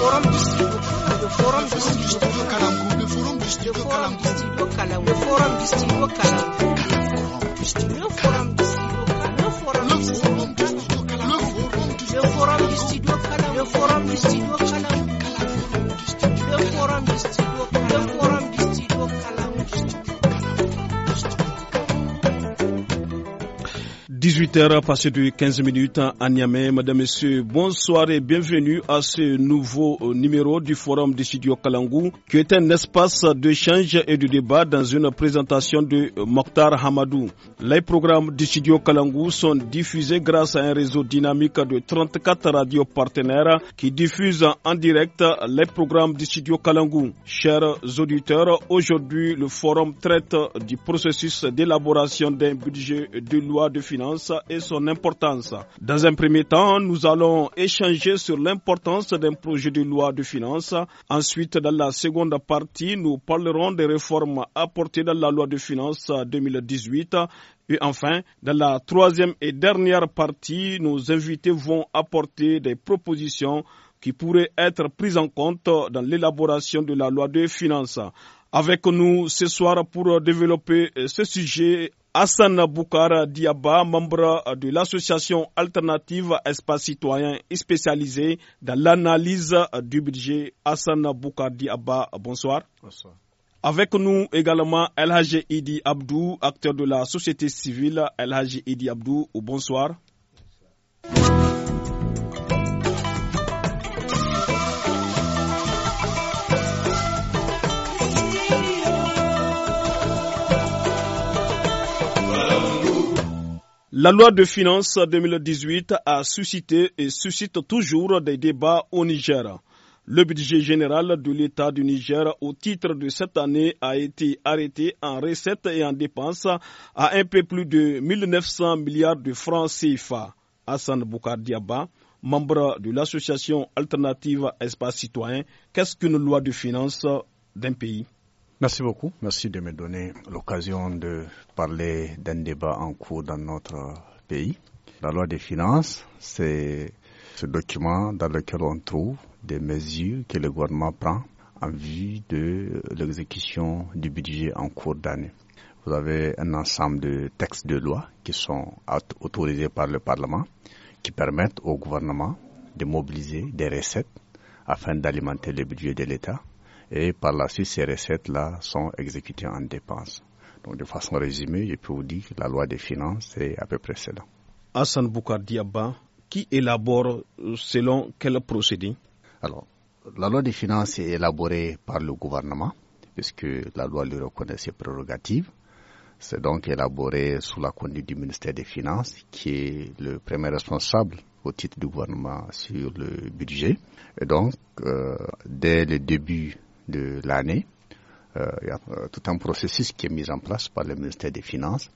forum district the forum district the forum district the forum district forum district forum district forum district forum district forum district forum district 18h passé de 15 minutes à Niamey. Madame, Messieurs, bonsoir et bienvenue à ce nouveau euh, numéro du Forum des Studio Kalangou, qui est un espace d'échange et de débat dans une présentation de euh, Mokhtar Hamadou. Les programmes du Studio Kalangou sont diffusés grâce à un réseau dynamique de 34 radios partenaires qui diffusent en direct les programmes du Studio Kalangou. Chers auditeurs, aujourd'hui, le Forum traite du processus d'élaboration d'un budget de loi de finances et son importance. Dans un premier temps, nous allons échanger sur l'importance d'un projet de loi de finances. Ensuite, dans la seconde partie, nous parlerons des réformes apportées dans la loi de finances 2018 et enfin, dans la troisième et dernière partie, nos invités vont apporter des propositions qui pourraient être prises en compte dans l'élaboration de la loi de finances. Avec nous ce soir pour développer ce sujet Hassan Boukar Diaba, membre de l'association alternative Espace Citoyen spécialisé dans l'analyse du budget. Hassan Boukar Diaba, bonsoir. Bonsoir. Avec nous également El Abdou, acteur de la société civile. El Idi Abdou, bonsoir. bonsoir. La loi de finances 2018 a suscité et suscite toujours des débats au Niger. Le budget général de l'État du Niger au titre de cette année a été arrêté en recettes et en dépenses à un peu plus de 1900 milliards de francs CFA. Hassan Boukardiaba, membre de l'association alternative Espace Citoyen, qu'est-ce qu'une loi de finances d'un pays Merci beaucoup. Merci de me donner l'occasion de parler d'un débat en cours dans notre pays. La loi des finances, c'est ce document dans lequel on trouve des mesures que le gouvernement prend en vue de l'exécution du budget en cours d'année. Vous avez un ensemble de textes de loi qui sont autorisés par le Parlement qui permettent au gouvernement de mobiliser des recettes afin d'alimenter le budget de l'État et par la suite ces recettes-là sont exécutées en dépenses. Donc de façon résumée, je peux vous dire que la loi des finances est à peu près cela. Hassan Boukardiaba, qui élabore euh, selon quel procédé Alors, la loi des finances est élaborée par le gouvernement, puisque la loi lui reconnaît ses prérogatives. C'est donc élaboré sous la conduite du ministère des Finances, qui est le premier responsable au titre du gouvernement sur le budget. Et donc, euh, dès le début de l'année. Euh, il y a euh, tout un processus qui est mis en place par le ministère des Finances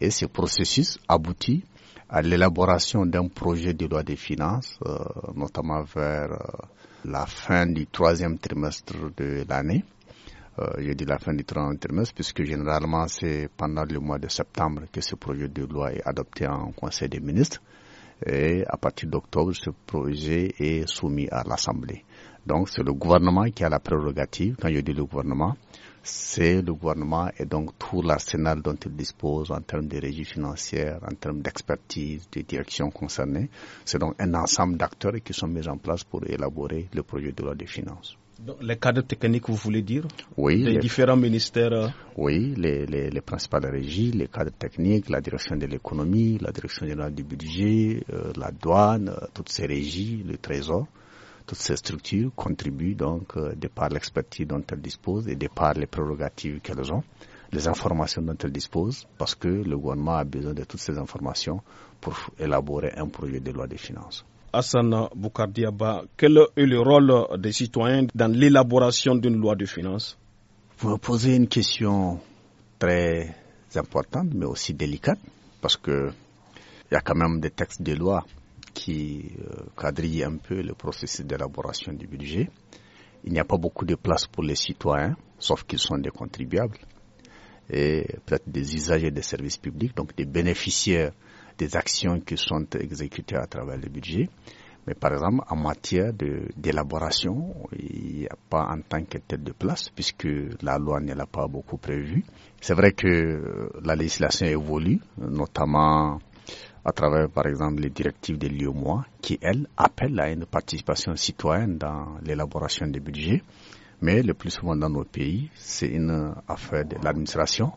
et ce processus aboutit à l'élaboration d'un projet de loi des finances, euh, notamment vers la fin du troisième trimestre de l'année. je dis la fin du troisième trimestre puisque généralement c'est pendant le mois de septembre que ce projet de loi est adopté en Conseil des ministres et à partir d'octobre ce projet est soumis à l'Assemblée. Donc c'est le gouvernement qui a la prérogative. Quand je dis le gouvernement, c'est le gouvernement et donc tout l'arsenal dont il dispose en termes de régie financière, en termes d'expertise, de directions concernées, C'est donc un ensemble d'acteurs qui sont mis en place pour élaborer le projet de loi des finances. les cadres techniques, vous voulez dire Oui. Les, différents ministères euh, Oui, les, les, principales régies, les cadres techniques, la direction de l'économie, la direction générale du budget, euh, la douane, euh, toutes ces régies, le trésor toutes ces structures contribuent donc, euh, de par l'expertise dont elles disposent et de par les prérogatives qu'elles ont, les informations dont elles disposent, parce que le gouvernement a besoin de toutes ces informations pour élaborer un projet de loi de finances. Hassan Boukardiaba, quel est le rôle des citoyens dans l'élaboration d'une loi de finances Vous me posez une question très importante, mais aussi délicate, parce que il y a quand même des textes de loi qui euh, quadrille un peu le processus d'élaboration du budget. Il n'y a pas beaucoup de place pour les citoyens, sauf qu'ils sont des contribuables et peut-être des usagers des services publics, donc des bénéficiaires des actions qui sont exécutées à travers le budget. Mais par exemple, en matière d'élaboration, il n'y a pas en tant que tête de place, puisque la loi ne l'a pas beaucoup prévu. C'est vrai que euh, la législation évolue, notamment à travers par exemple les directives des lieux-mois, qui, elles, appellent à une participation citoyenne dans l'élaboration des budgets. Mais le plus souvent dans nos pays, c'est une affaire de l'administration.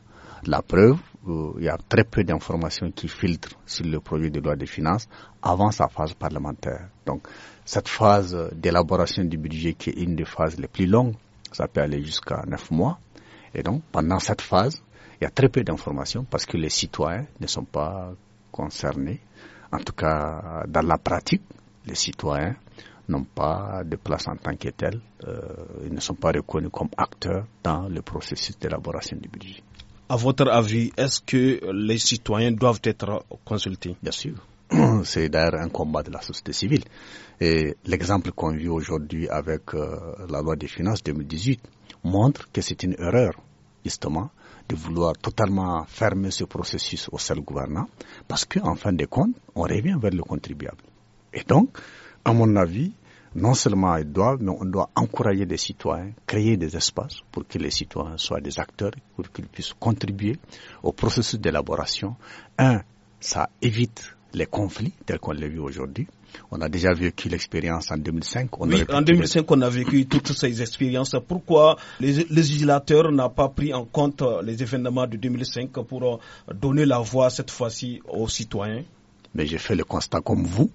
La preuve, euh, il y a très peu d'informations qui filtrent sur le projet de loi des finances avant sa phase parlementaire. Donc, cette phase d'élaboration du budget qui est une des phases les plus longues, ça peut aller jusqu'à neuf mois. Et donc, pendant cette phase, il y a très peu d'informations parce que les citoyens ne sont pas concernés, en tout cas dans la pratique, les citoyens n'ont pas de place en tant que tels, euh, ils ne sont pas reconnus comme acteurs dans le processus d'élaboration du budget. À votre avis, est-ce que les citoyens doivent être consultés Bien sûr. C'est d'ailleurs un combat de la société civile. Et l'exemple qu'on vit aujourd'hui avec euh, la loi des finances 2018 montre que c'est une erreur, justement, de vouloir totalement fermer ce processus au seul gouvernant, parce qu'en en fin de compte, on revient vers le contribuable. Et donc, à mon avis, non seulement ils doivent, mais on doit encourager les citoyens, créer des espaces pour que les citoyens soient des acteurs, pour qu'ils puissent contribuer au processus d'élaboration. Un, ça évite les conflits tels qu'on les vit aujourd'hui. On a déjà vécu l'expérience en 2005. oui, en 2005, on a vécu toutes ces expériences. Pourquoi les législateurs n'ont pas pris en compte les événements de 2005 pour euh, donner la voix cette fois-ci aux citoyens Mais j'ai fait le constat comme vous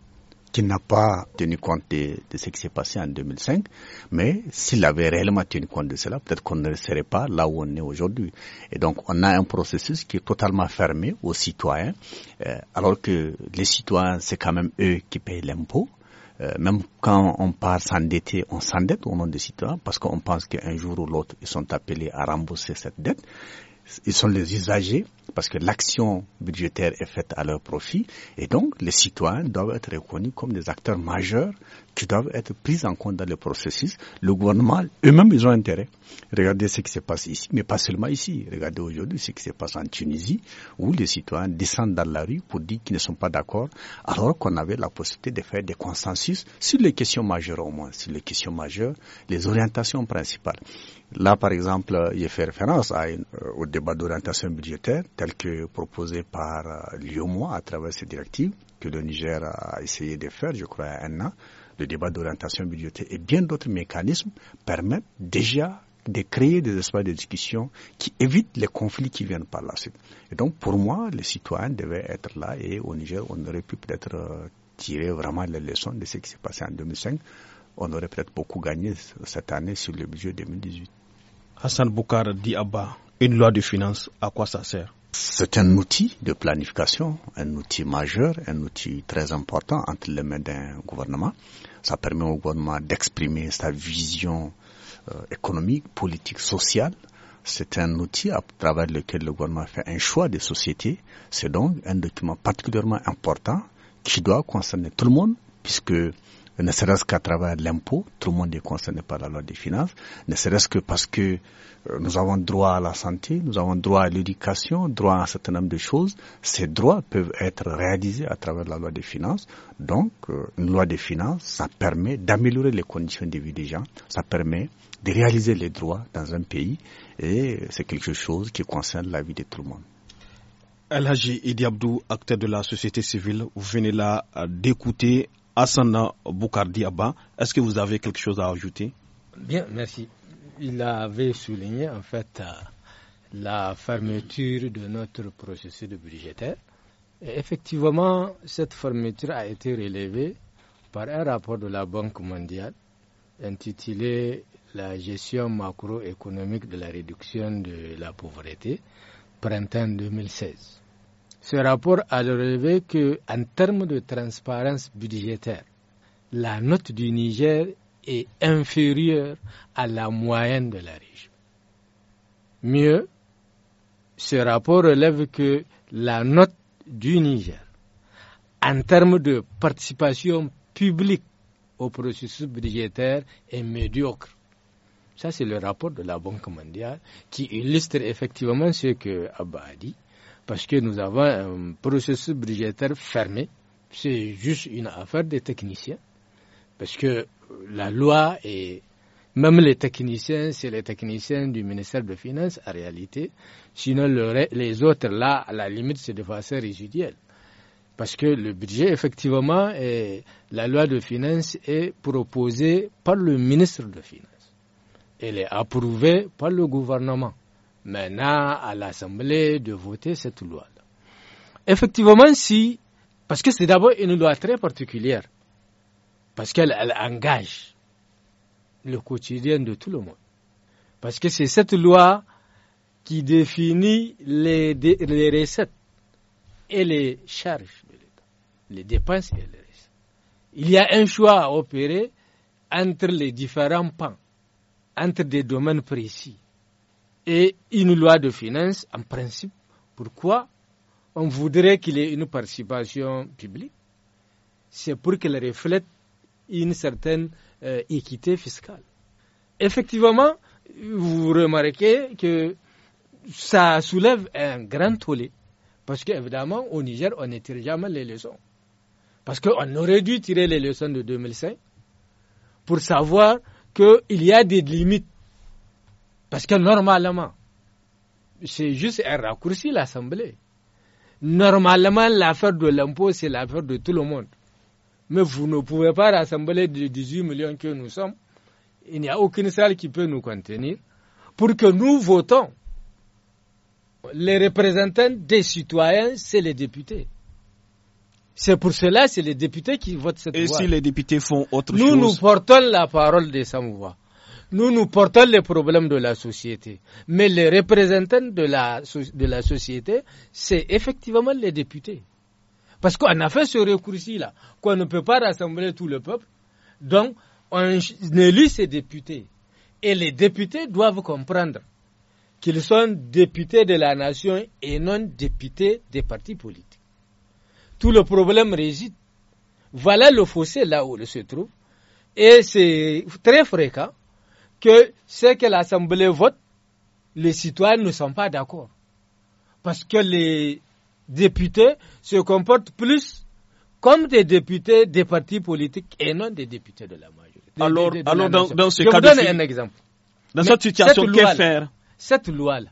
qui n'a pas tenu compte de, ce qui s'est passé en 2005. Mais s'il avait réellement tenu compte de cela, peut-être qu'on ne serait pas là où on est aujourd'hui. Et donc, on a un processus qui est totalement fermé aux citoyens, euh, alors que les citoyens, c'est quand même eux qui payent l'impôt euh, même quand on part s'endetter, on s'endette au nom des citoyens parce qu'on pense qu'un jour ou l'autre, ils sont appelés à rembourser cette dette ils sont les usagers parce que l'action budgétaire est faite à leur profit et donc les citoyens doivent être reconnus comme des acteurs majeurs qui doivent être pris en compte dans le processus. Le gouvernement, eux-mêmes, ils ont intérêt. Regardez ce qui se passe ici, mais pas seulement ici. Regardez aujourd'hui ce qui se passe en Tunisie où les citoyens descendent dans la rue pour dire qu'ils ne sont pas d'accord alors qu'on avait la possibilité de faire des consensus sur les questions majeures au moins, sur les questions majeures, les orientations principales. Là, par exemple, il fait référence à euh, au débat d'orientation budgétaire tel que proposé par euh, l'UOMOA à travers ses directives que le Niger a essayé de faire, je crois, il y a un an. Le débat d'orientation budgétaire et bien d'autres mécanismes permettent déjà de créer des espaces de discussion qui évitent les conflits qui viennent par la suite. Et donc, pour moi, les citoyens devaient être là et au Niger, on aurait pu peut-être euh, tirer vraiment les leçons de ce qui s'est passé en 2005. On aurait peut-être beaucoup gagné cette année sur le budget 2018. Hassan Boukar dit Abba, une loi de finances, à quoi ça sert c'est un outil de planification, un outil majeur, un outil très important entre les mains d'un gouvernement. Ça permet au gouvernement d'exprimer sa vision euh, économique, politique, sociale. C'est un outil à travers lequel le gouvernement fait un choix des sociétés. C'est donc un document particulièrement important qui doit concerner tout le monde puisque ne serait-ce qu'à travers l'impôt, tout le monde est concerné par la loi des finances, ne serait-ce que parce que euh, nous avons droit à la santé, nous avons droit à l'éducation, droit à un certain nombre de choses. Ces droits peuvent être réalisés à travers la loi des finances. Donc, euh, une loi des finances, ça permet d'améliorer les conditions de vie des gens, ça permet de réaliser les droits dans un pays et c'est quelque chose qui concerne la vie de tout le monde. Alhaji Idi Abdou, acteur de la société civile, vous venez là euh, d'écouter Hassana Boukardi est-ce que vous avez quelque chose à ajouter Bien, merci. Il avait souligné en fait euh, la fermeture de notre processus de budgétaire. effectivement, cette fermeture a été relevée par un rapport de la Banque mondiale intitulé La gestion macroéconomique de la réduction de la pauvreté, printemps 2016. Ce rapport a relevé que, en termes de transparence budgétaire, la note du Niger est inférieure à la moyenne de la région. Mieux, ce rapport relève que la note du Niger, en termes de participation publique au processus budgétaire, est médiocre. Ça, c'est le rapport de la Banque mondiale qui illustre effectivement ce que Abba a dit parce que nous avons un processus budgétaire fermé. C'est juste une affaire des techniciens. Parce que la loi et même les techniciens, c'est les techniciens du ministère des Finances en réalité. Sinon, les autres, là, à la limite, c'est de façon résiduelle. Parce que le budget, effectivement, la loi de finances est proposée par le ministre de Finances. Elle est approuvée par le gouvernement maintenant à l'Assemblée de voter cette loi. -là. Effectivement, si, parce que c'est d'abord une loi très particulière, parce qu'elle engage le quotidien de tout le monde. Parce que c'est cette loi qui définit les, les recettes et les charges de l'État, les dépenses et les recettes. Il y a un choix à opérer entre les différents pans, entre des domaines précis et une loi de finances, en principe, pourquoi on voudrait qu'il ait une participation publique C'est pour qu'elle reflète une certaine euh, équité fiscale. Effectivement, vous remarquez que ça soulève un grand tollé. Parce qu'évidemment, au Niger, on ne tire jamais les leçons. Parce qu'on aurait dû tirer les leçons de 2005 pour savoir qu'il y a des limites parce que normalement, c'est juste un raccourci l'Assemblée. Normalement, l'affaire de l'impôt, c'est l'affaire de tout le monde. Mais vous ne pouvez pas rassembler les 18 millions que nous sommes. Il n'y a aucune salle qui peut nous contenir pour que nous votons. Les représentants des citoyens, c'est les députés. C'est pour cela, c'est les députés qui votent cette Et si les députés font autre chose Nous, nous portons la parole de sans voix nous, nous portons les problèmes de la société. Mais les représentants de la, de la société, c'est effectivement les députés. Parce qu'on a fait ce recours-ci-là, qu'on ne peut pas rassembler tout le peuple. Donc, on élit ces députés. Et les députés doivent comprendre qu'ils sont députés de la nation et non députés des partis politiques. Tout le problème réside. Voilà le fossé là où il se trouve. Et c'est très fréquent que ce que l'Assemblée vote, les citoyens ne sont pas d'accord. Parce que les députés se comportent plus comme des députés des partis politiques et non des députés de la majorité. alors, Je vous donne un exemple. Dans cette situation, que faire Cette loi-là,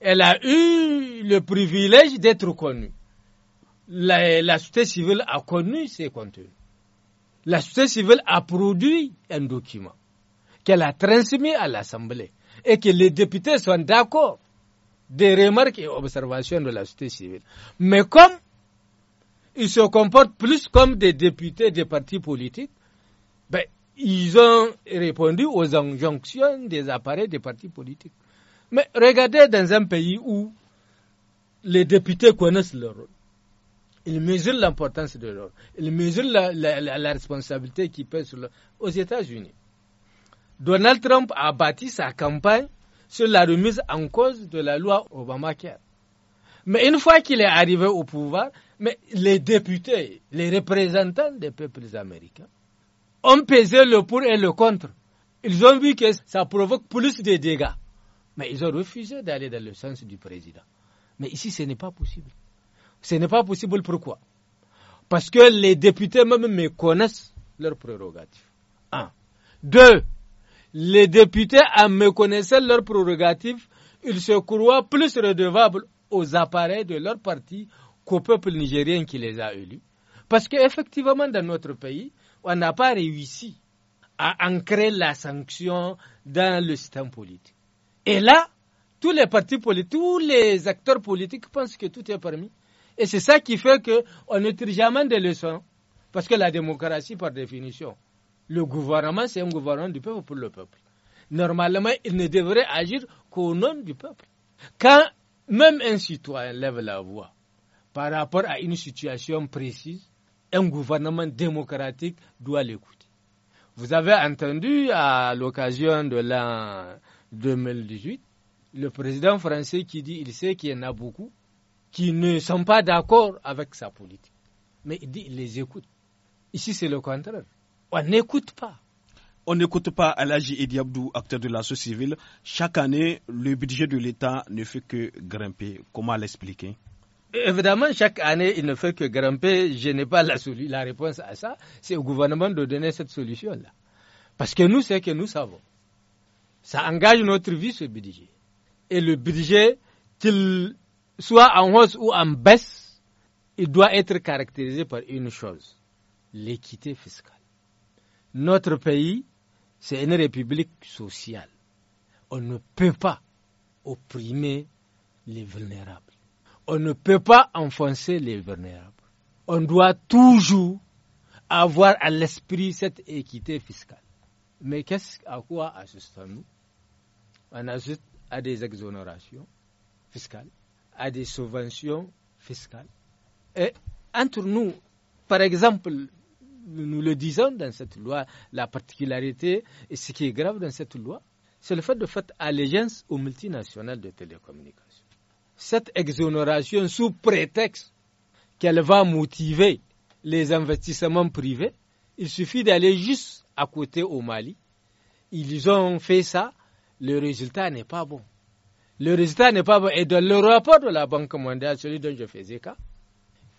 elle a eu le privilège d'être connue. la, société civile a connu ses contenus. La société civile a produit un document qu'elle a transmis à l'Assemblée et que les députés sont d'accord des remarques et observations de la société civile. Mais comme ils se comportent plus comme des députés des partis politiques, ben, ils ont répondu aux injonctions des appareils des partis politiques. Mais regardez dans un pays où les députés connaissent leur rôle. Ils mesurent l'importance de leur rôle. Ils mesurent la, responsabilité qui pèse sur Aux États-Unis, Donald Trump a bâti sa campagne sur la remise en cause de la loi Obamacare. Mais une fois qu'il est arrivé au pouvoir, mais les députés, les représentants des peuples américains, ont pesé le pour et le contre. Ils ont vu que ça provoque plus de dégâts. Mais ils ont refusé d'aller dans le sens du président. Mais ici, ce n'est pas possible. Ce n'est pas possible pourquoi Parce que les députés même méconnaissent leurs prérogatives. Un. Deux, les députés, en méconnaissant leurs prorogatives, ils se croient plus redevables aux appareils de leur parti qu'au peuple nigérien qui les a élus. Parce qu'effectivement, dans notre pays, on n'a pas réussi à ancrer la sanction dans le système politique. Et là, tous les partis politiques, tous les acteurs politiques pensent que tout est permis. Et c'est ça qui fait qu'on ne tire jamais des leçons. Parce que la démocratie, par définition, le gouvernement, c'est un gouvernement du peuple pour le peuple. Normalement, il ne devrait agir qu'au nom du peuple. Quand même un citoyen lève la voix par rapport à une situation précise, un gouvernement démocratique doit l'écouter. Vous avez entendu à l'occasion de l'an 2018 le président français qui dit il sait qu'il y en a beaucoup qui ne sont pas d'accord avec sa politique. Mais il dit il les écoute. Ici, c'est le contraire on n'écoute pas. On n'écoute pas Alaji Ediabdou, acteur de la société civile. Chaque année, le budget de l'État ne fait que grimper. Comment l'expliquer Évidemment, chaque année, il ne fait que grimper. Je n'ai pas la, la réponse à ça. C'est au gouvernement de donner cette solution-là. Parce que nous, c'est que nous savons. Ça engage notre vie, ce budget. Et le budget, qu'il soit en hausse ou en baisse, il doit être caractérisé par une chose, l'équité fiscale notre pays, c'est une république sociale. On ne peut pas opprimer les vulnérables. On ne peut pas enfoncer les vulnérables. On doit toujours avoir à l'esprit cette équité fiscale. Mais qu'est-ce à quoi assistons-nous On assiste à des exonérations fiscales, à des subventions fiscales. Et entre nous, par exemple, nous le disons dans cette loi, la particularité et ce qui est grave dans cette loi, c'est le fait de faire allégeance aux multinationales de télécommunications. Cette exonération sous prétexte qu'elle va motiver les investissements privés, il suffit d'aller juste à côté au Mali. Ils ont fait ça, le résultat n'est pas bon. Le résultat n'est pas bon. Et dans le rapport de la Banque mondiale, celui dont je faisais cas,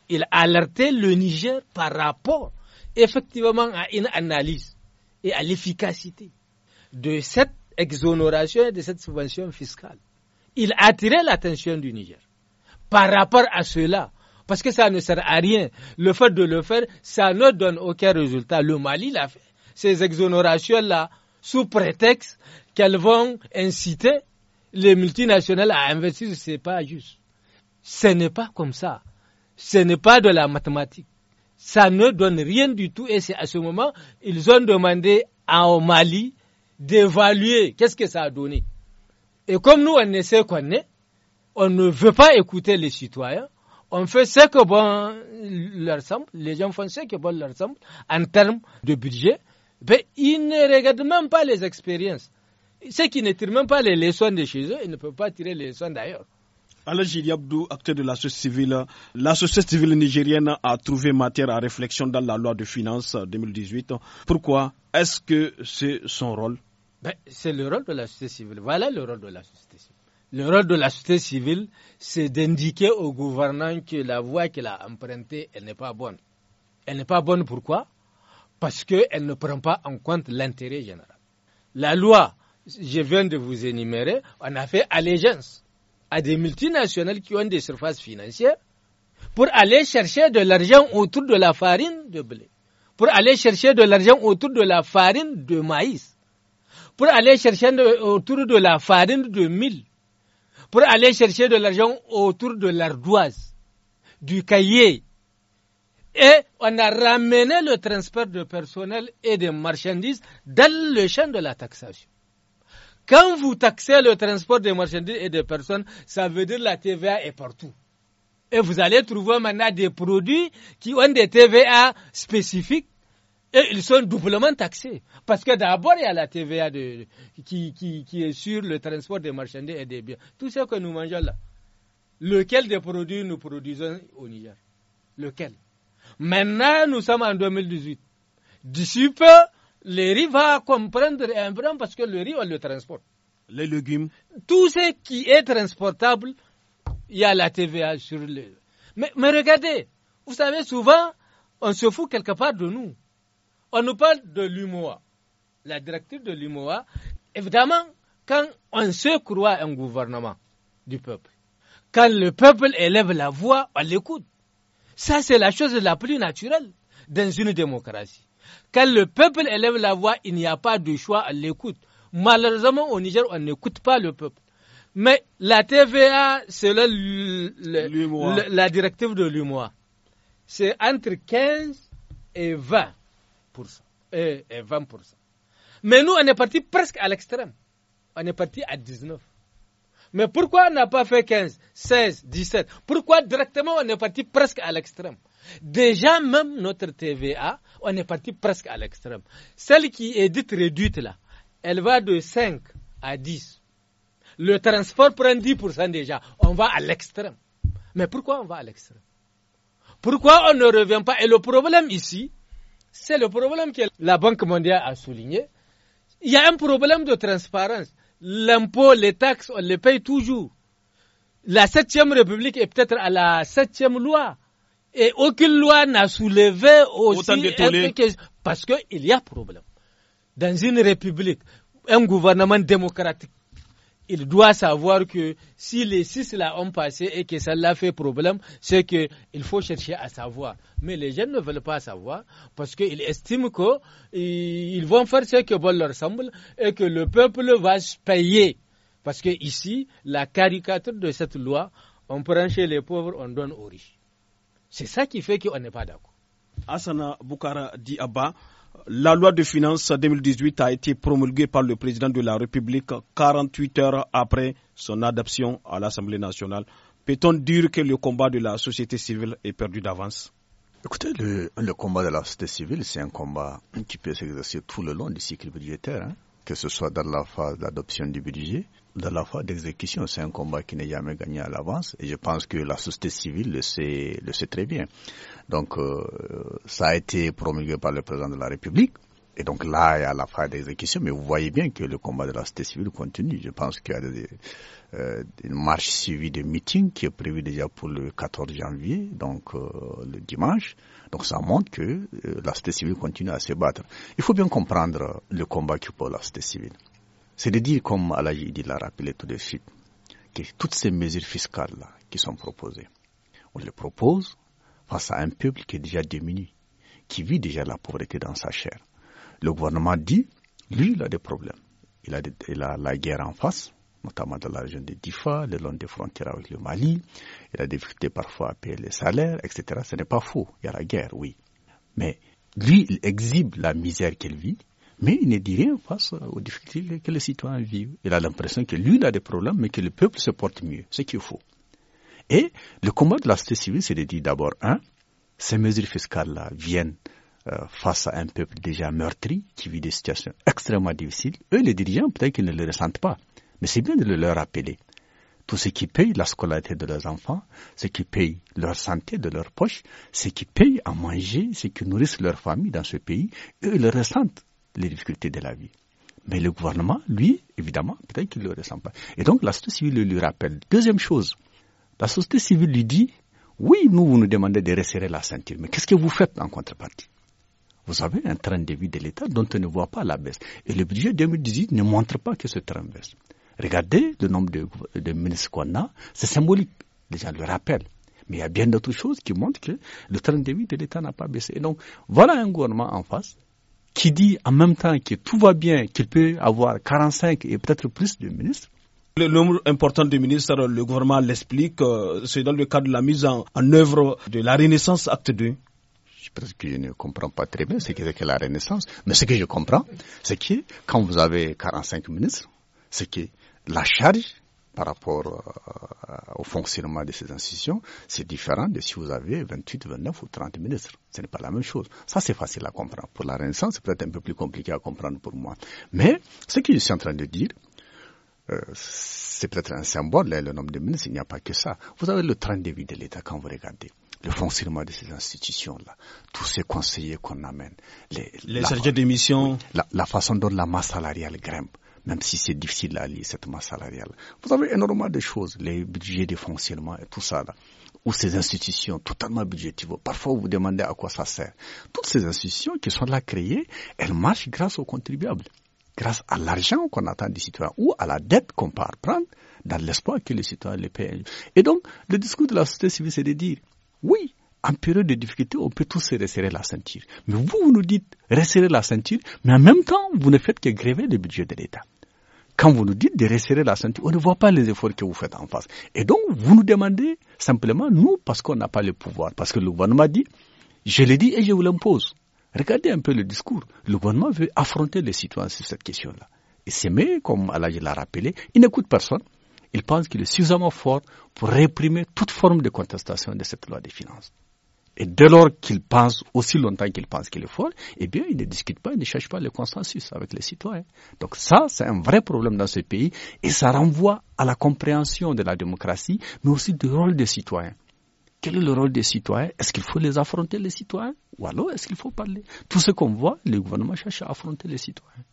il alertait le Niger par rapport effectivement à une analyse et à l'efficacité de cette exonération et de cette subvention fiscale. Il attirait l'attention du Niger par rapport à cela. Parce que ça ne sert à rien. Le fait de le faire, ça ne donne aucun résultat. Le Mali l'a fait. Ces exonérations-là, sous prétexte qu'elles vont inciter les multinationales à investir, c'est pas juste. Ce n'est pas comme ça. Ce n'est pas de la mathématique ça ne donne rien du tout. Et c'est à ce moment, ils ont demandé au Mali d'évaluer qu'est-ce que ça a donné. Et comme nous, on ne sait qu'on est, on ne veut pas écouter les citoyens. On fait ce que bon leur semble, les gens font ce que bon leur semble en termes de budget, mais ils ne regardent même pas les expériences. Ceux qui ne tirent même pas les leçons de chez eux, ils ne peuvent pas tirer les leçons d'ailleurs. Alagiri Abdou, acteur de la société civile, la société civile nigérienne a trouvé matière à réflexion dans la loi de finances 2018. Pourquoi Est-ce que c'est son rôle ben, C'est le rôle de la société civile. Voilà le rôle de la société civile. Le rôle de la société civile, c'est d'indiquer au gouvernement que la voie qu'elle a empruntée, elle n'est pas bonne. Elle n'est pas bonne pourquoi Parce qu'elle ne prend pas en compte l'intérêt général. La loi, je viens de vous énumérer, on a fait allégeance à des multinationales qui ont des surfaces financières pour aller chercher de l'argent autour de la farine de blé, pour aller chercher de l'argent autour de la farine de maïs, pour aller chercher autour de la farine de mil, pour aller chercher de l'argent autour de l'ardoise, du cahier. Et on a ramené le transport de personnel et de marchandises dans le champ de la taxation. Quand vous taxez le transport des marchandises et des personnes, ça veut dire la TVA est partout. Et vous allez trouver maintenant des produits qui ont des TVA spécifiques et ils sont doublement taxés. Parce que d'abord, il y a la TVA de, qui, qui, est sur le transport des marchandises et des biens. Tout ce que nous mangeons là. Lequel des produits nous produisons au Niger Lequel Maintenant, nous sommes en 2018. D'ici peu, le riz va comprendre un problème parce que le riz, on le transporte. Les légumes. Tout ce qui est transportable, il y a la TVA sur le. Mais, mais regardez, vous savez, souvent, on se fout quelque part de nous. On nous parle de l'UMOA, la directive de l'UMOA. Évidemment, quand on se croit un gouvernement du peuple, quand le peuple élève la voix, on l'écoute. Ça, c'est la chose la plus naturelle dans une démocratie. Quand le peuple élève la voix, il n'y a pas de choix à l'écoute. Malheureusement, au Niger, on n'écoute pas le peuple. Mais la TVA, selon la directive de l'UMOA, c'est entre 15 et 20 euh, et, 20 Mais nous, on est parti presque à l'extrême. On est parti à 19. Mais pourquoi on n'a pas fait 15, 16, 17 Pourquoi directement on est parti presque à l'extrême Déjà même notre TVA, on est parti presque à l'extrême. Celle qui est dite réduite là, elle va de 5 à 10. Le transport prend 10% déjà. On va à l'extrême. Mais pourquoi on va à l'extrême Pourquoi on ne revient pas Et le problème ici, c'est le problème que la Banque mondiale a souligné. Il y a un problème de transparence. L'impôt, les taxes, on les paye toujours. La 7 septième République est peut-être à la 7 septième loi. Et aucune loi n'a soulevé aussi Autant de parce qu'il y a problème. Dans une république, un gouvernement démocratique, il doit savoir que si les six là ont passé et que ça l'a fait problème, c'est qu'il faut chercher à savoir. Mais les jeunes ne veulent pas savoir parce qu'ils estiment qu'ils vont faire ce que bon leur semble et que le peuple va se payer. Parce que ici, la caricature de cette loi, on prend chez les pauvres, on donne aux riches. C'est ça qui fait qu'on n'est pas d'accord. Asana Boukara dit Abba, la loi de finances 2018 a été promulguée par le président de la République 48 heures après son adoption à l'Assemblée nationale. Peut-on dire que le combat de la société civile est perdu d'avance Écoutez, le, combat de la société civile, c'est un combat qui peut s'exercer tout le long du cycle budgétaire, hein, que ce soit dans la phase d'adoption du budget, de la phase d'exécution. C'est un combat qui n'est jamais gagné à l'avance et je pense que la société civile le sait, le sait très bien. Donc euh, ça a été promulgué par le président de la République. Et donc là, il y a la phase d'exécution, mais vous voyez bien que le combat de la société civile continue. Je pense qu'il y a des, euh, une marche suivie de meeting qui est prévue déjà pour le 14 janvier, donc euh, le dimanche. Donc ça montre que euh, la société civile continue à se battre. Il faut bien comprendre le combat qui pour la société civile. C'est de dire, comme Alaji ajid l'a rappelé tout de suite, que toutes ces mesures fiscales-là qui sont proposées, on les propose face à un peuple qui est déjà diminué, qui vit déjà la pauvreté dans sa chair. Le gouvernement dit, lui, il a des problèmes. Il a, il a la guerre en face, notamment dans la région de Difa, le long des frontières avec le Mali. Il a des difficultés parfois à payer les salaires, etc. Ce n'est pas faux. Il y a la guerre, oui. Mais lui, il exhibe la misère qu'il vit mais il ne dit rien face aux difficultés que les citoyens vivent. Il a l'impression que lui, il a des problèmes, mais que le peuple se porte mieux, ce qu'il faut. Et le combat de la société civile, c'est de dire d'abord, un, ces mesures fiscales-là viennent euh, face à un peuple déjà meurtri, qui vit des situations extrêmement difficiles. Eux, les dirigeants, peut-être qu'ils ne le ressentent pas, mais c'est bien de le leur appeler. Tous ceux qui payent la scolarité de leurs enfants, ceux qui payent leur santé de leur poche, ceux qui payent à manger, ceux qui nourrissent leur famille dans ce pays, eux le ressentent les difficultés de la vie. Mais le gouvernement, lui, évidemment, peut-être qu'il ne le ressent pas. Et donc la société civile lui rappelle. Deuxième chose, la société civile lui dit, oui, nous, vous nous demandez de resserrer la ceinture, mais qu'est-ce que vous faites en contrepartie Vous avez un train de vie de l'État dont on ne voit pas la baisse. Et le budget 2018 ne montre pas que ce train baisse. Regardez le nombre de, de ministres qu'on a, c'est symbolique. Les gens le rappellent. Mais il y a bien d'autres choses qui montrent que le train de vie de l'État n'a pas baissé. Et donc, voilà un gouvernement en face qui dit en même temps que tout va bien, qu'il peut avoir 45 et peut-être plus de ministres, le nombre important de ministres, le gouvernement l'explique, euh, c'est dans le cadre de la mise en, œuvre de la Renaissance Acte 2. Je pense que je ne comprends pas très bien ce qu'est la Renaissance, mais ce que je comprends, c'est que quand vous avez 45 ministres, c'est que la charge par rapport euh, euh, au fonctionnement de ces institutions, c'est différent de si vous avez 28, 29 ou 30 ministres. Ce n'est pas la même chose. Ça, c'est facile à comprendre. Pour la Renaissance, c'est peut-être un peu plus compliqué à comprendre pour moi. Mais ce que je suis en train de dire, euh, c'est peut-être un symbole, là, hein, le nombre de ministres, il n'y a pas que ça. Vous avez le train de vie de l'État quand vous regardez le fonctionnement de ces institutions-là, tous ces conseillers qu'on amène, les, les la, de mission, la, la, façon dont la masse salariale grimpe, même si c'est difficile à lire cette masse salariale. Vous avez énormément de choses, les budgets de fonctionnement et tout ça, là, ou ces institutions totalement budgétives. Parfois, vous vous demandez à quoi ça sert. Toutes ces institutions qui sont là créées, elles marchent grâce aux contribuables, grâce à l'argent qu'on attend des citoyens ou à la dette qu'on peut prendre dans l'espoir que les citoyens les payent. Et donc, le discours de la société civile, c'est de dire, oui, en période de difficulté, on peut tous se resserrer la ceinture. Mais vous, vous nous dites resserrer la ceinture, mais en même temps, vous ne faites que gréver le budget de l'État quand vous nous dites de resserrer la ceinture, on ne voit pas les efforts que vous faites en face. Et donc, vous nous demandez simplement, nous, parce qu'on n'a pas le pouvoir, parce que le gouvernement dit, je l'ai dit et je vous l'impose. Regardez un peu le discours. Le gouvernement veut affronter les citoyens sur cette question-là. Et c'est mais, comme Allah l'a rappelé, il n'écoute personne. Il pense qu'il est suffisamment fort pour réprimer toute forme de contestation de cette loi des finances. Et dès lors qu'ils pense, aussi longtemps qu'il pense qu'il est fort, eh bien, il ne discute pas, il ne cherche pas le consensus avec les citoyens. Donc ça, c'est un vrai problème dans ce pays et ça renvoie à la compréhension de la démocratie, mais aussi du rôle des citoyens. Quel est le rôle des citoyens Est-ce qu'il faut les affronter, les citoyens Ou alors, est-ce qu'il faut parler Tout ce qu'on voit, le gouvernement cherche à affronter les citoyens.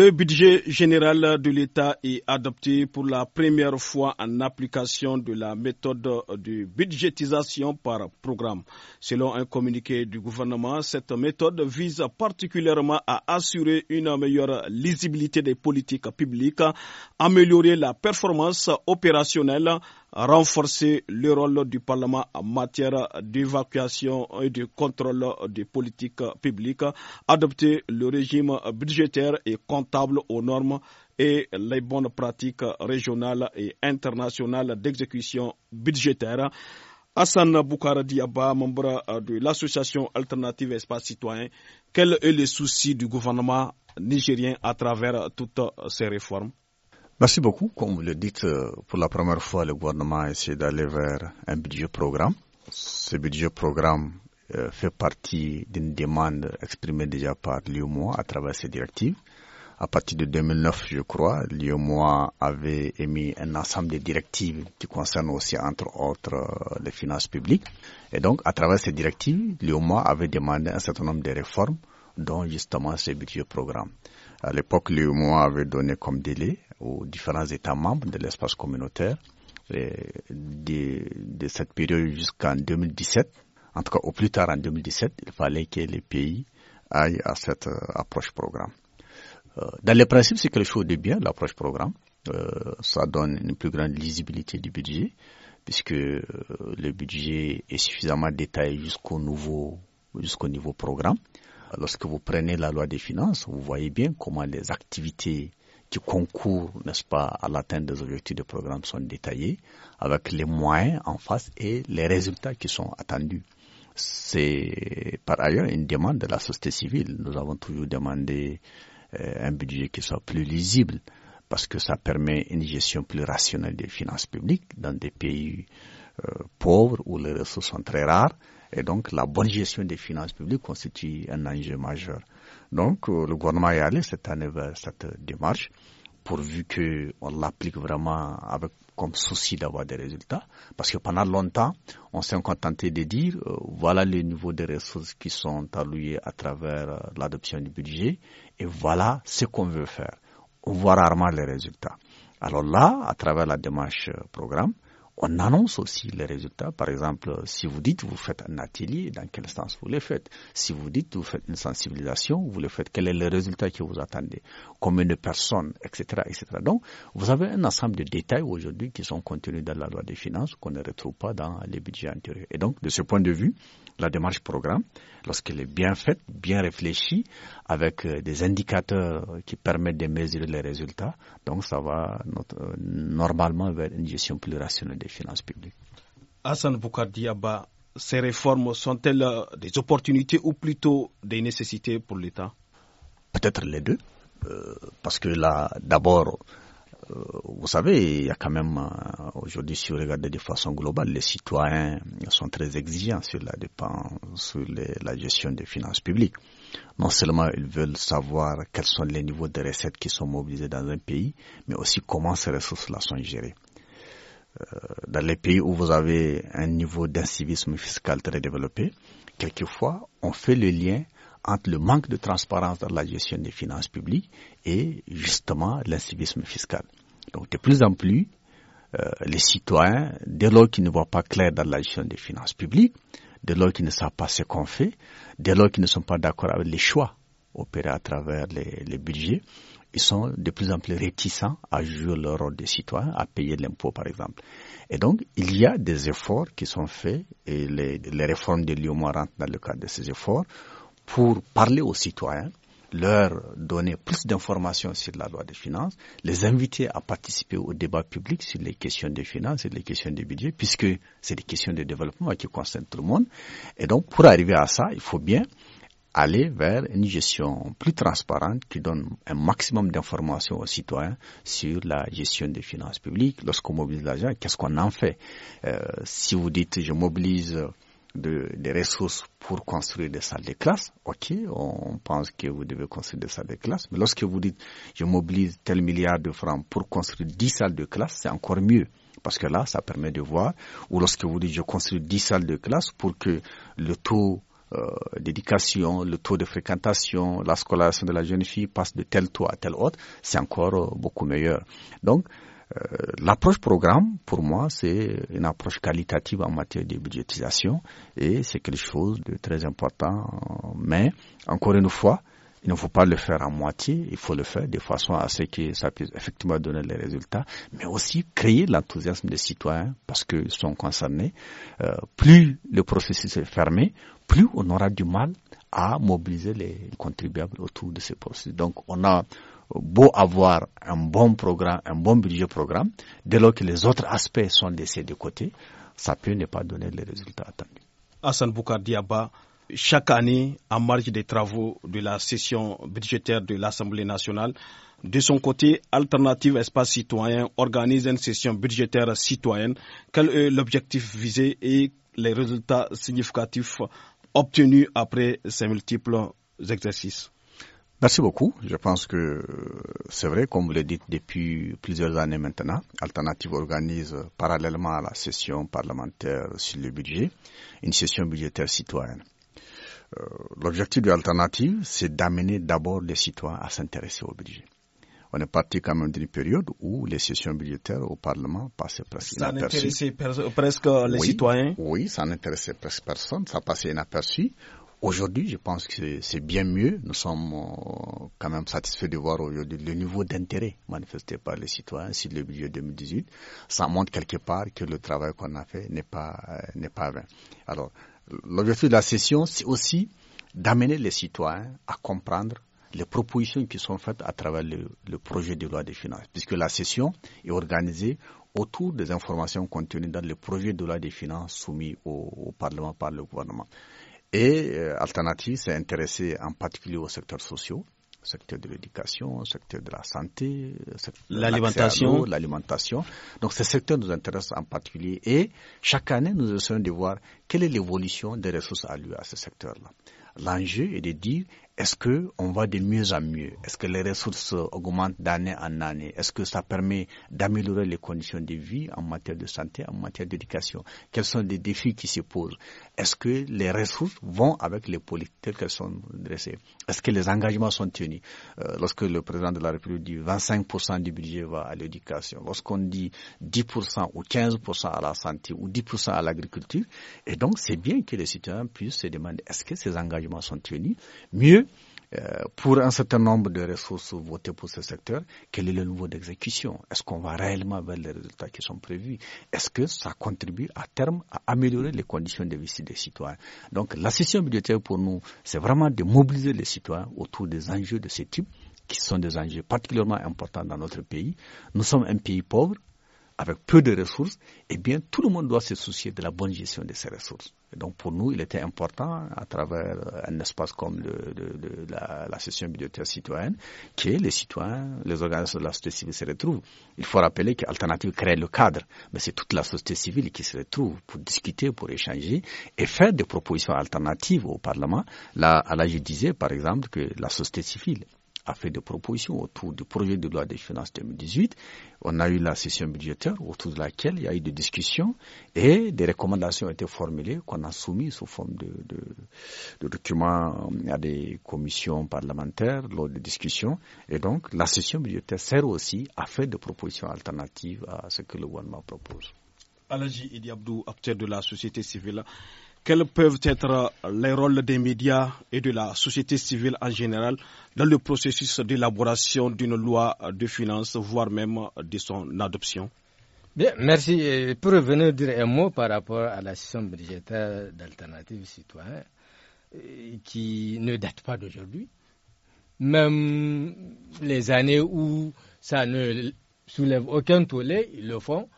Le budget général de l'État est adopté pour la première fois en application de la méthode de budgétisation par programme. Selon un communiqué du gouvernement, cette méthode vise particulièrement à assurer une meilleure lisibilité des politiques publiques, améliorer la performance opérationnelle, renforcer le rôle du Parlement en matière d'évacuation et de contrôle des politiques publiques, adopter le régime budgétaire et comptable aux normes et les bonnes pratiques régionales et internationales d'exécution budgétaire. Hassan Boukara Diaba, membre de l'association Alternative Espace Citoyen, quel est le souci du gouvernement nigérien à travers toutes ces réformes Merci beaucoup. Comme vous le dites, euh, pour la première fois, le gouvernement a essayé d'aller vers un budget programme. Ce budget programme euh, fait partie d'une demande exprimée déjà par l'UMOA à travers ses directives. À partir de 2009, je crois, l'UMOA avait émis un ensemble de directives qui concernent aussi, entre autres, euh, les finances publiques. Et donc, à travers ces directives, l'UMOA avait demandé un certain nombre de réformes, dont justement ce budget programme. À l'époque, l'UMOA avait donné comme délai aux différents États membres de l'espace communautaire de, de, cette période jusqu'en 2017. En tout cas, au plus tard en 2017, il fallait que les pays aillent à cette euh, approche programme. Euh, dans les principes, c'est quelque chose de bien, l'approche programme. Euh, ça donne une plus grande lisibilité du budget, puisque le budget est suffisamment détaillé jusqu'au nouveau, jusqu'au niveau programme. Lorsque vous prenez la loi des finances, vous voyez bien comment les activités qui concourent, n'est-ce pas, à l'atteinte des objectifs de programme sont détaillés avec les moyens en face et les résultats qui sont attendus. C'est par ailleurs une demande de la société civile. Nous avons toujours demandé euh, un budget qui soit plus lisible parce que ça permet une gestion plus rationnelle des finances publiques dans des pays euh, pauvres où les ressources sont très rares. Et donc la bonne gestion des finances publiques constitue un enjeu majeur. Donc, euh, le gouvernement est allé cette année vers cette démarche, pourvu qu'on l'applique vraiment avec comme souci d'avoir des résultats. Parce que pendant longtemps, on s'est contenté de dire, euh, voilà les niveaux de ressources qui sont alloués à travers euh, l'adoption du budget, et voilà ce qu'on veut faire. On voit rarement les résultats. Alors là, à travers la démarche programme, on annonce aussi les résultats. Par exemple, si vous dites vous faites un atelier, dans quel sens vous le faites Si vous dites vous faites une sensibilisation, vous le faites. Quel est le résultat que vous attendez Combien de personnes, etc., etc. Donc, vous avez un ensemble de détails aujourd'hui qui sont contenus dans la loi des finances qu'on ne retrouve pas dans les budgets antérieurs. Et donc, de ce point de vue, la démarche programme, lorsqu'elle est bien faite, bien réfléchie, avec euh, des indicateurs qui permettent de mesurer les résultats, donc ça va notre, euh, normalement vers une gestion plus rationnelle des finances publiques. Hassan ces réformes sont-elles euh, des opportunités ou plutôt des nécessités pour l'État Peut-être les deux. Euh, parce que là, d'abord, euh, vous savez, il y a quand même, aujourd'hui, si vous regardez de façon globale, les citoyens sont très exigeants sur la dépense, sur la gestion des finances publiques. Non seulement ils veulent savoir quels sont les niveaux de recettes qui sont mobilisés dans un pays, mais aussi comment ces ressources-là sont gérées. Euh, dans les pays où vous avez un niveau d'incivisme fiscal très développé, quelquefois, on fait le lien entre le manque de transparence dans la gestion des finances publiques et justement l'incivisme fiscal. Donc de plus en plus, euh, les citoyens, dès lors qu'ils ne voient pas clair dans la gestion des finances publiques, dès lors qu'ils ne savent pas ce qu'on fait, dès lors qu'ils ne sont pas d'accord avec les choix opérés à travers les budgets, ils sont de plus en plus réticents à jouer leur rôle de citoyen, à payer l'impôt par exemple. Et donc, il y a des efforts qui sont faits, et les, réformes de Lyon rentrent dans le cadre de ces efforts, pour parler aux citoyens, leur donner plus d'informations sur la loi des finances, les inviter à participer au débat public sur les questions des finances et les questions du budget, puisque c'est des questions de développement qui concernent tout le monde. Et donc, pour arriver à ça, il faut bien aller vers une gestion plus transparente qui donne un maximum d'informations aux citoyens sur la gestion des finances publiques. Lorsqu'on mobilise l'argent, qu'est-ce qu'on en fait euh, Si vous dites je mobilise des ressources pour construire des salles de classe, ok, on pense que vous devez construire des salles de classe, mais lorsque vous dites je mobilise tel milliard de francs pour construire 10 salles de classe, c'est encore mieux parce que là, ça permet de voir, ou lorsque vous dites je construis 10 salles de classe pour que le taux d'éducation, euh, le taux de fréquentation, la scolarisation de la jeune fille passe de tel taux à tel autre, c'est encore euh, beaucoup meilleur. Donc, euh, l'approche programme, pour moi, c'est une approche qualitative en matière de budgétisation et c'est quelque chose de très important. Mais, encore une fois, il ne faut pas le faire à moitié, il faut le faire de façon à ce que ça puisse effectivement donner les résultats, mais aussi créer l'enthousiasme des citoyens parce qu'ils sont concernés. plus le processus est fermé, plus on aura du mal à mobiliser les contribuables autour de ces processus. Donc on a beau avoir un bon programme, un bon budget programme, dès lors que les autres aspects sont laissés de côté, ça peut ne pas donner les résultats attendus. Hassan Boukar Diaba, chaque année, en marge des travaux de la session budgétaire de l'Assemblée nationale, de son côté, Alternative Espace Citoyen organise une session budgétaire citoyenne. Quel est l'objectif visé et les résultats significatifs obtenu après ces multiples exercices. Merci beaucoup. Je pense que euh, c'est vrai, comme vous le dites depuis plusieurs années maintenant, Alternative organise euh, parallèlement à la session parlementaire sur le budget une session budgétaire citoyenne. Euh, l'objectif de l'alternative, c'est d'amener d'abord les citoyens à s'intéresser au budget on est parti quand même d'une période où les sessions budgétaires au Parlement passaient presque inaperçues. Ça n'intéressait presque les citoyens Oui, ça n'intéressait presque personne, ça passait inaperçu. Aujourd'hui, je pense que c'est bien mieux. Nous sommes euh, quand même satisfaits de voir aujourd'hui le niveau d'intérêt manifesté par les citoyens sur le budget 2018. Ça montre quelque part que le travail qu'on a fait n'est pas euh, n'est pas vain. Alors, l'objectif de la session, c'est aussi d'amener les citoyens à comprendre les propositions qui sont faites à travers le, projet de loi des finances, puisque la session est organisée autour des informations contenues dans le projet de loi des finances soumis au, Parlement par le gouvernement. Et euh, Alternative s'est intéressé en particulier aux secteurs sociaux, secteur de l'éducation, secteur de la santé, l'alimentation. l'alimentation. Donc ces secteurs nous intéressent en particulier et chaque année nous essayons de voir quelle est l'évolution des ressources allouées à ce secteur-là. L'enjeu est de dire est-ce que on va de mieux en mieux Est-ce que les ressources augmentent d'année en année Est-ce que ça permet d'améliorer les conditions de vie en matière de santé, en matière d'éducation Quels sont les défis qui se posent Est-ce que les ressources vont avec les politiques telles qu'elles sont dressées Est-ce que les engagements sont tenus euh, Lorsque le président de la République dit 25% du budget va à l'éducation, lorsqu'on dit 10% ou 15% à la santé ou 10% à l'agriculture, et donc c'est bien que les citoyens puissent se demander est-ce que ces engagements sont tenus Mieux, euh, pour un certain nombre de ressources votées pour ce secteur, quel est le niveau d'exécution Est-ce qu'on va réellement vers les résultats qui sont prévus Est-ce que ça contribue à terme à améliorer les conditions de vie des citoyens Donc session budgétaire pour nous, c'est vraiment de mobiliser les citoyens autour des enjeux de ce type qui sont des enjeux particulièrement importants dans notre pays. Nous sommes un pays pauvre avec peu de ressources, eh bien, tout le monde doit se soucier de la bonne gestion de ces ressources. donc, pour nous, il était important, à travers un espace comme la, session budgétaire citoyenne, que les citoyens, les organismes de la société civile se retrouvent. Il faut rappeler qu'Alternative crée le cadre, mais c'est toute la société civile qui se retrouve pour discuter, pour échanger et faire des propositions alternatives au Parlement. là je disais, par exemple, que la société civile a fait des propositions autour du projet de loi des finances 2018. On a eu la session budgétaire autour de laquelle il y a eu des discussions et des recommandations ont été formulées qu'on a soumises sous forme de, documents euh, à des commissions parlementaires lors des discussions. Et donc, la session budgétaire sert aussi à faire des propositions alternatives à ce que le gouvernement propose. acteur de la société civile, quels peuvent être euh, les rôles des médias et de la société civile en général dans le processus d'élaboration d'une loi de finances, voire même de son adoption Bien, merci. pour revenir dire un mot par rapport à la session budgétaire d'Alternative citoyennes euh, qui ne date pas d'aujourd'hui, même les années où ça ne soulève aucun tollé, ils le font.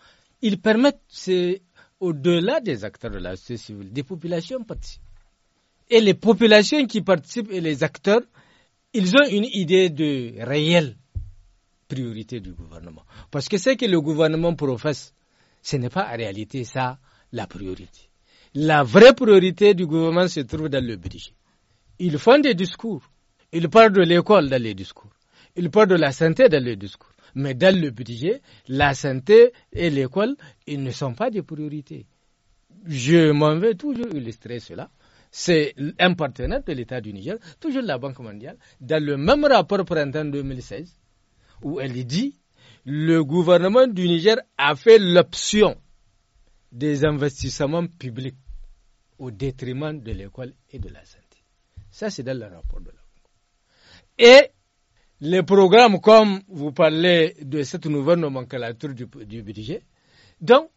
Ils permettent ces au-delà des acteurs de la société civile, des populations participent. Et les populations qui participent et les acteurs, ils ont une idée de réelle priorité du gouvernement. Parce que ce que le gouvernement professe, ce n'est pas en réalité ça la priorité. La vraie priorité du gouvernement se trouve dans le budget. Ils font des discours. Ils parlent de l'école dans les discours. Ils parlent de la santé dans les discours. Mais dans le budget, la santé et l'école, ils ne sont pas des priorités. Je m'en vais toujours illustrer cela. C'est un partenaire de l'État du Niger, toujours la Banque mondiale, dans le même rapport printemps 2016, où elle dit le gouvernement du Niger a fait l'option des investissements publics au détriment de l'école et de la santé. Ça, c'est dans le rapport de la Banque. Et les programmes, comme vous parlez de cette nouvelle nomenclature du, budget, donc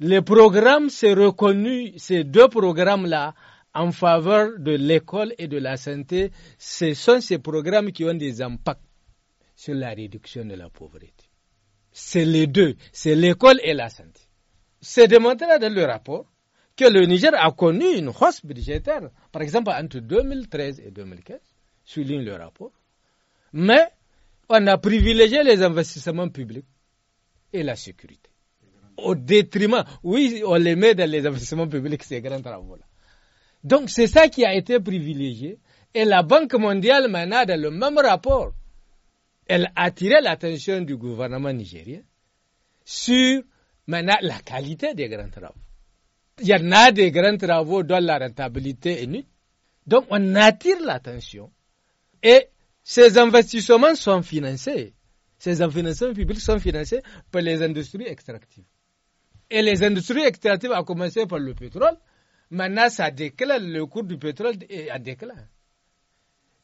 les programmes, c'est reconnu, ces deux programmes-là, en faveur de l'école et de la santé, ce sont ces programmes qui ont des impacts sur la réduction de la pauvreté. C'est les deux, c'est l'école et la santé. C'est démontré dans le rapport que le Niger a connu une hausse budgétaire, par exemple entre 2013 et 2015, souligne le rapport. Mais on a privilégié les investissements publics et la sécurité. Au détriment, oui, on les met dans les investissements publics, ces grands travaux-là. Donc c'est ça qui a été privilégié. Et la Banque mondiale, maintenant, dans le même rapport, elle attirait l'attention du gouvernement nigérien sur la qualité des grands travaux. Il y en a des grands travaux dont la rentabilité est nulle. Donc on attire l'attention et ces investissements sont financés. Ces investissements publics sont financés par les industries extractives. Et les industries extractives, à commencer par le pétrole, maintenant ça déclare, le cours du pétrole est en déclin.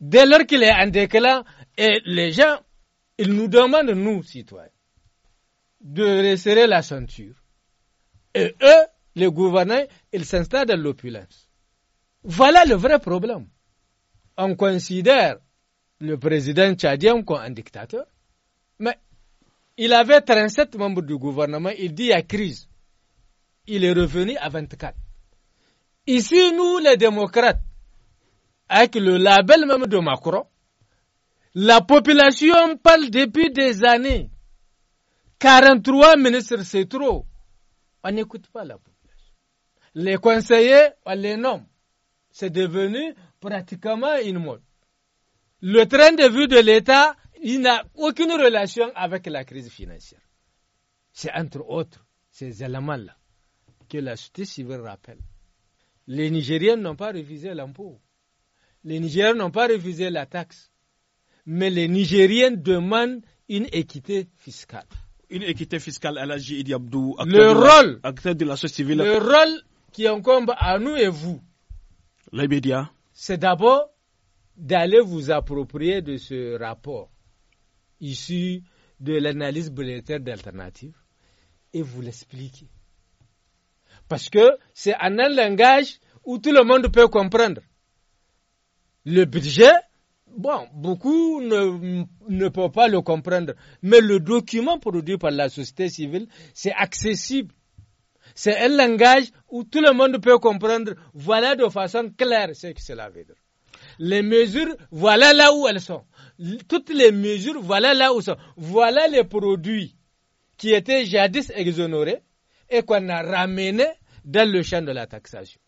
Dès lors qu'il est en déclin, et les gens, ils nous demandent, nous, citoyens, de resserrer la ceinture. Et eux, les gouvernants, ils s'installent dans l'opulence. Voilà le vrai problème. On considère le président tchadien comme un dictateur. Mais il avait 37 membres du gouvernement, il dit il y a crise. Il est revenu à 24. Ici, nous, les démocrates, avec le label même de Macron, la population parle depuis des années. 43 ministres, c'est trop. On n'écoute pas la population. Les conseillers, on les nomme. C'est devenu pratiquement une mode le train de vue de l'État, il n'a aucune relation avec la crise financière. C'est entre autres ces éléments-là que la société civile rappelle. Les Nigériens n'ont pas révisé l'impôt. Les Nigériens n'ont pas révisé la taxe. Mais les Nigériens demandent une équité fiscale. Une équité fiscale à la Abdou, le rôle, Le rôle qui incombe à nous et vous. Les médias. C'est d'abord d'aller vous approprier de ce rapport issu de l'analyse budgétaire d'alternative et vous l'expliquer. Parce que c'est un langage où tout le monde peut comprendre. Le budget, bon, beaucoup ne, ne peuvent pas le comprendre, mais le document produit par la société civile, c'est accessible. C'est un langage où tout le monde peut comprendre, voilà de façon claire ce que cela veut dire. Les mesures, voilà là où elles sont. Toutes les mesures, voilà là où elles sont. Voilà les produits qui étaient jadis exonérés et qu'on a ramenés dans le champ de la taxation.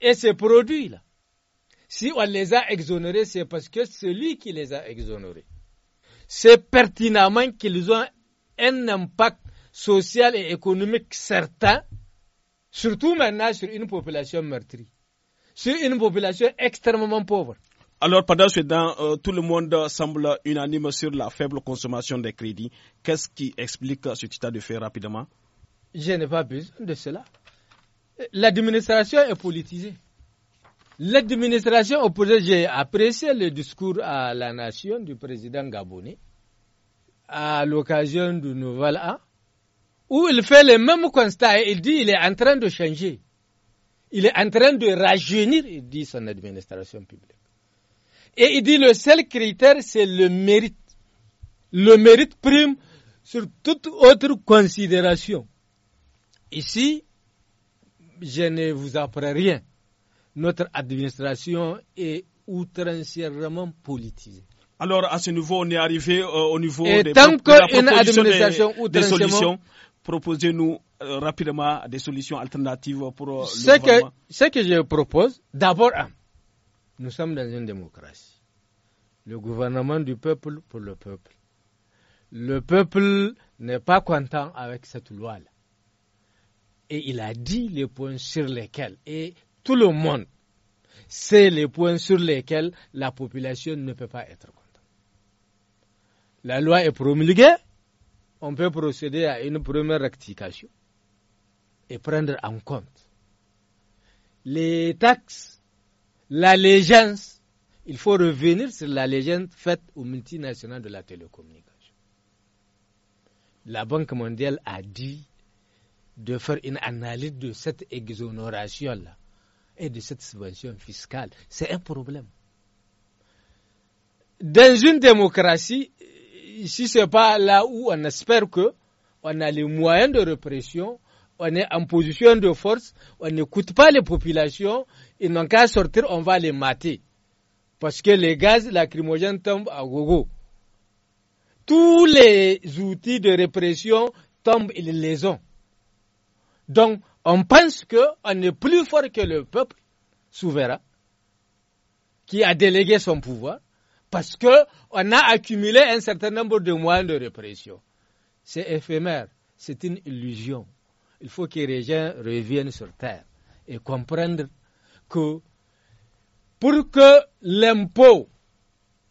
Et ces produits-là, si on les a exonérés, c'est parce que celui qui les a exonérés, c'est pertinemment qu'ils ont un impact social et économique certain, surtout maintenant sur une population meurtrie, sur une population extrêmement pauvre. Alors, pendant ce temps, euh, tout le monde semble unanime sur la faible consommation des crédits. Qu'est-ce qui explique ce état de fait rapidement Je n'ai pas besoin de cela. L'administration est politisée. L'administration opposée, j'ai apprécié le discours à la nation du président gabonais à l'occasion du Nouvel An, où il fait le même constat et il dit il est en train de changer. Il est en train de rajeunir, il dit son administration publique. Et il dit le seul critère, c'est le mérite. Le mérite prime sur toute autre considération. Ici, je ne vous apprends rien. Notre administration est outrancièrement politisée. Alors, à ce niveau, on est arrivé euh, au niveau Et des, tant administration solutions. Proposez-nous euh, rapidement des solutions alternatives pour euh, le ce que, ce que je propose, d'abord, nous sommes dans une démocratie. Le gouvernement du peuple pour le peuple. Le peuple n'est pas content avec cette loi-là. Et il a dit les points sur lesquels, et tout le monde sait les points sur lesquels la population ne peut pas être contente. La loi est promulguée, on peut procéder à une première rectification et prendre en compte les taxes l'allégeance, il faut revenir sur l'allégeance faite aux multinationales de la télécommunication. La Banque mondiale a dit de faire une analyse de cette exonération-là et de cette subvention fiscale. C'est un problème. Dans une démocratie, si ce n'est pas là où on espère que on a les moyens de répression, on est en position de force, on n'écoute pas les populations, ils n'ont qu'à sortir, on va les mater. Parce que les gaz lacrymogènes tombent à gogo. Tous les outils de répression tombent, ils les ont. Donc, on pense qu'on est plus fort que le peuple souverain qui a délégué son pouvoir parce qu'on a accumulé un certain nombre de moyens de répression. C'est éphémère, c'est une illusion. Il faut que les gens reviennent sur terre et comprendre que pour que l'impôt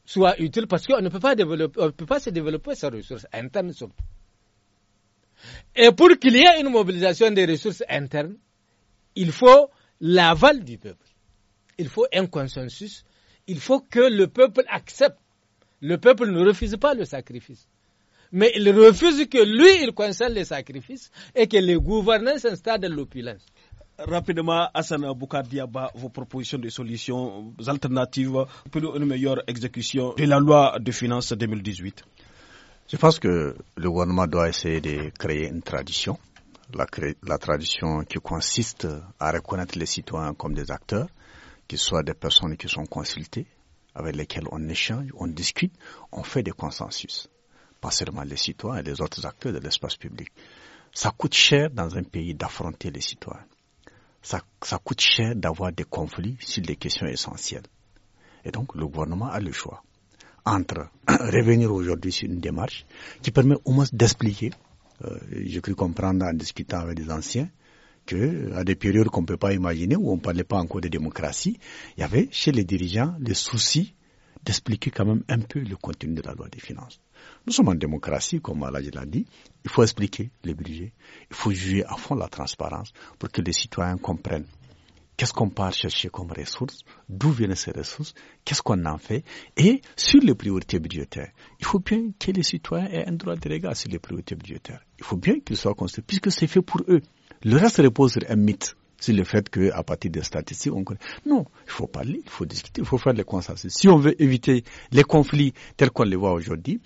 soit utile, parce qu'on ne peut pas peut pas se développer sans ressources internes Et pour qu'il y ait une mobilisation des ressources internes, il faut l'aval du peuple. Il faut un consensus. Il faut que le peuple accepte. Le peuple ne refuse pas le sacrifice. Mais il refuse que lui, il concerne les sacrifices et que les gouvernants s'installent dans l'opulence rapidement, Hassan Boukardiaba vos propositions de solutions alternatives pour une meilleure exécution de la loi de finances 2018 Je pense que le gouvernement doit essayer de créer une tradition, la, tradition qui consiste à reconnaître les citoyens comme des acteurs, qu'ils soient des personnes qui sont consultées, avec lesquelles on échange, on discute, on fait des consensus. Pas seulement les citoyens et les autres acteurs de l'espace public. Ça coûte cher dans un pays d'affronter les citoyens ça, coûte cher d'avoir des conflits sur des questions essentielles. Et donc, le gouvernement a le choix entre revenir aujourd'hui sur une démarche qui permet au moins d'expliquer, je euh, j'ai cru comprendre en discutant avec des anciens, que à des périodes qu'on ne peut pas imaginer, où on ne parlait pas encore de démocratie, il y avait chez les dirigeants le souci d'expliquer quand même un peu le contenu de la loi des finances. Nous sommes en démocratie, comme Alain l'a dit. Il faut expliquer les budgets. Il faut juger à fond la transparence pour que les citoyens comprennent qu'est-ce qu'on part chercher comme ressources, d'où viennent ces ressources, qu'est-ce qu'on en fait, et sur les priorités budgétaires. Il faut bien que les citoyens aient un droit de regard sur les priorités budgétaires. Il faut bien qu'ils soient construits, puisque c'est fait pour eux. Le reste repose sur un mythe, sur le fait qu'à partir des statistiques, on connaît. Non, il faut parler, il faut discuter, il faut faire les consensus. Si on veut éviter les conflits tels qu'on les voit aujourd'hui,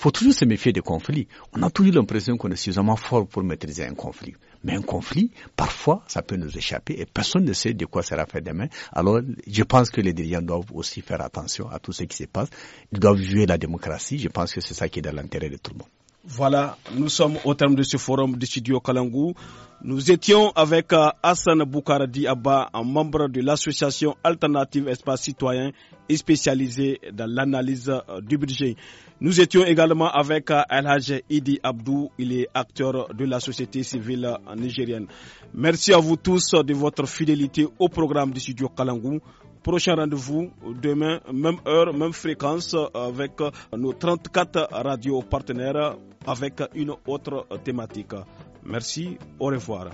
faut toujours se méfier des conflits. On a toujours l'impression qu'on est suffisamment fort pour maîtriser un conflit. Mais un conflit, parfois, ça peut nous échapper et personne ne sait de quoi sera fait demain. Alors, je pense que les dirigeants doivent aussi faire attention à tout ce qui se passe. Ils doivent jouer la démocratie. Je pense que c'est ça qui est dans l'intérêt de tout le monde. Voilà, nous sommes au terme de ce forum du Studio Kalangou. Nous étions avec euh, Hassan Boukaradi Abba, un membre de l'association Alternative Espace Citoyen et spécialisé dans l'analyse euh, du budget. Nous étions également avec Alhaj euh, Idi Abdou, il est acteur de la société civile nigérienne. Merci à vous tous de votre fidélité au programme du studio Kalangou. Prochain rendez-vous demain, même heure, même fréquence avec nos 34 radios partenaires avec une autre thématique. Merci, au revoir.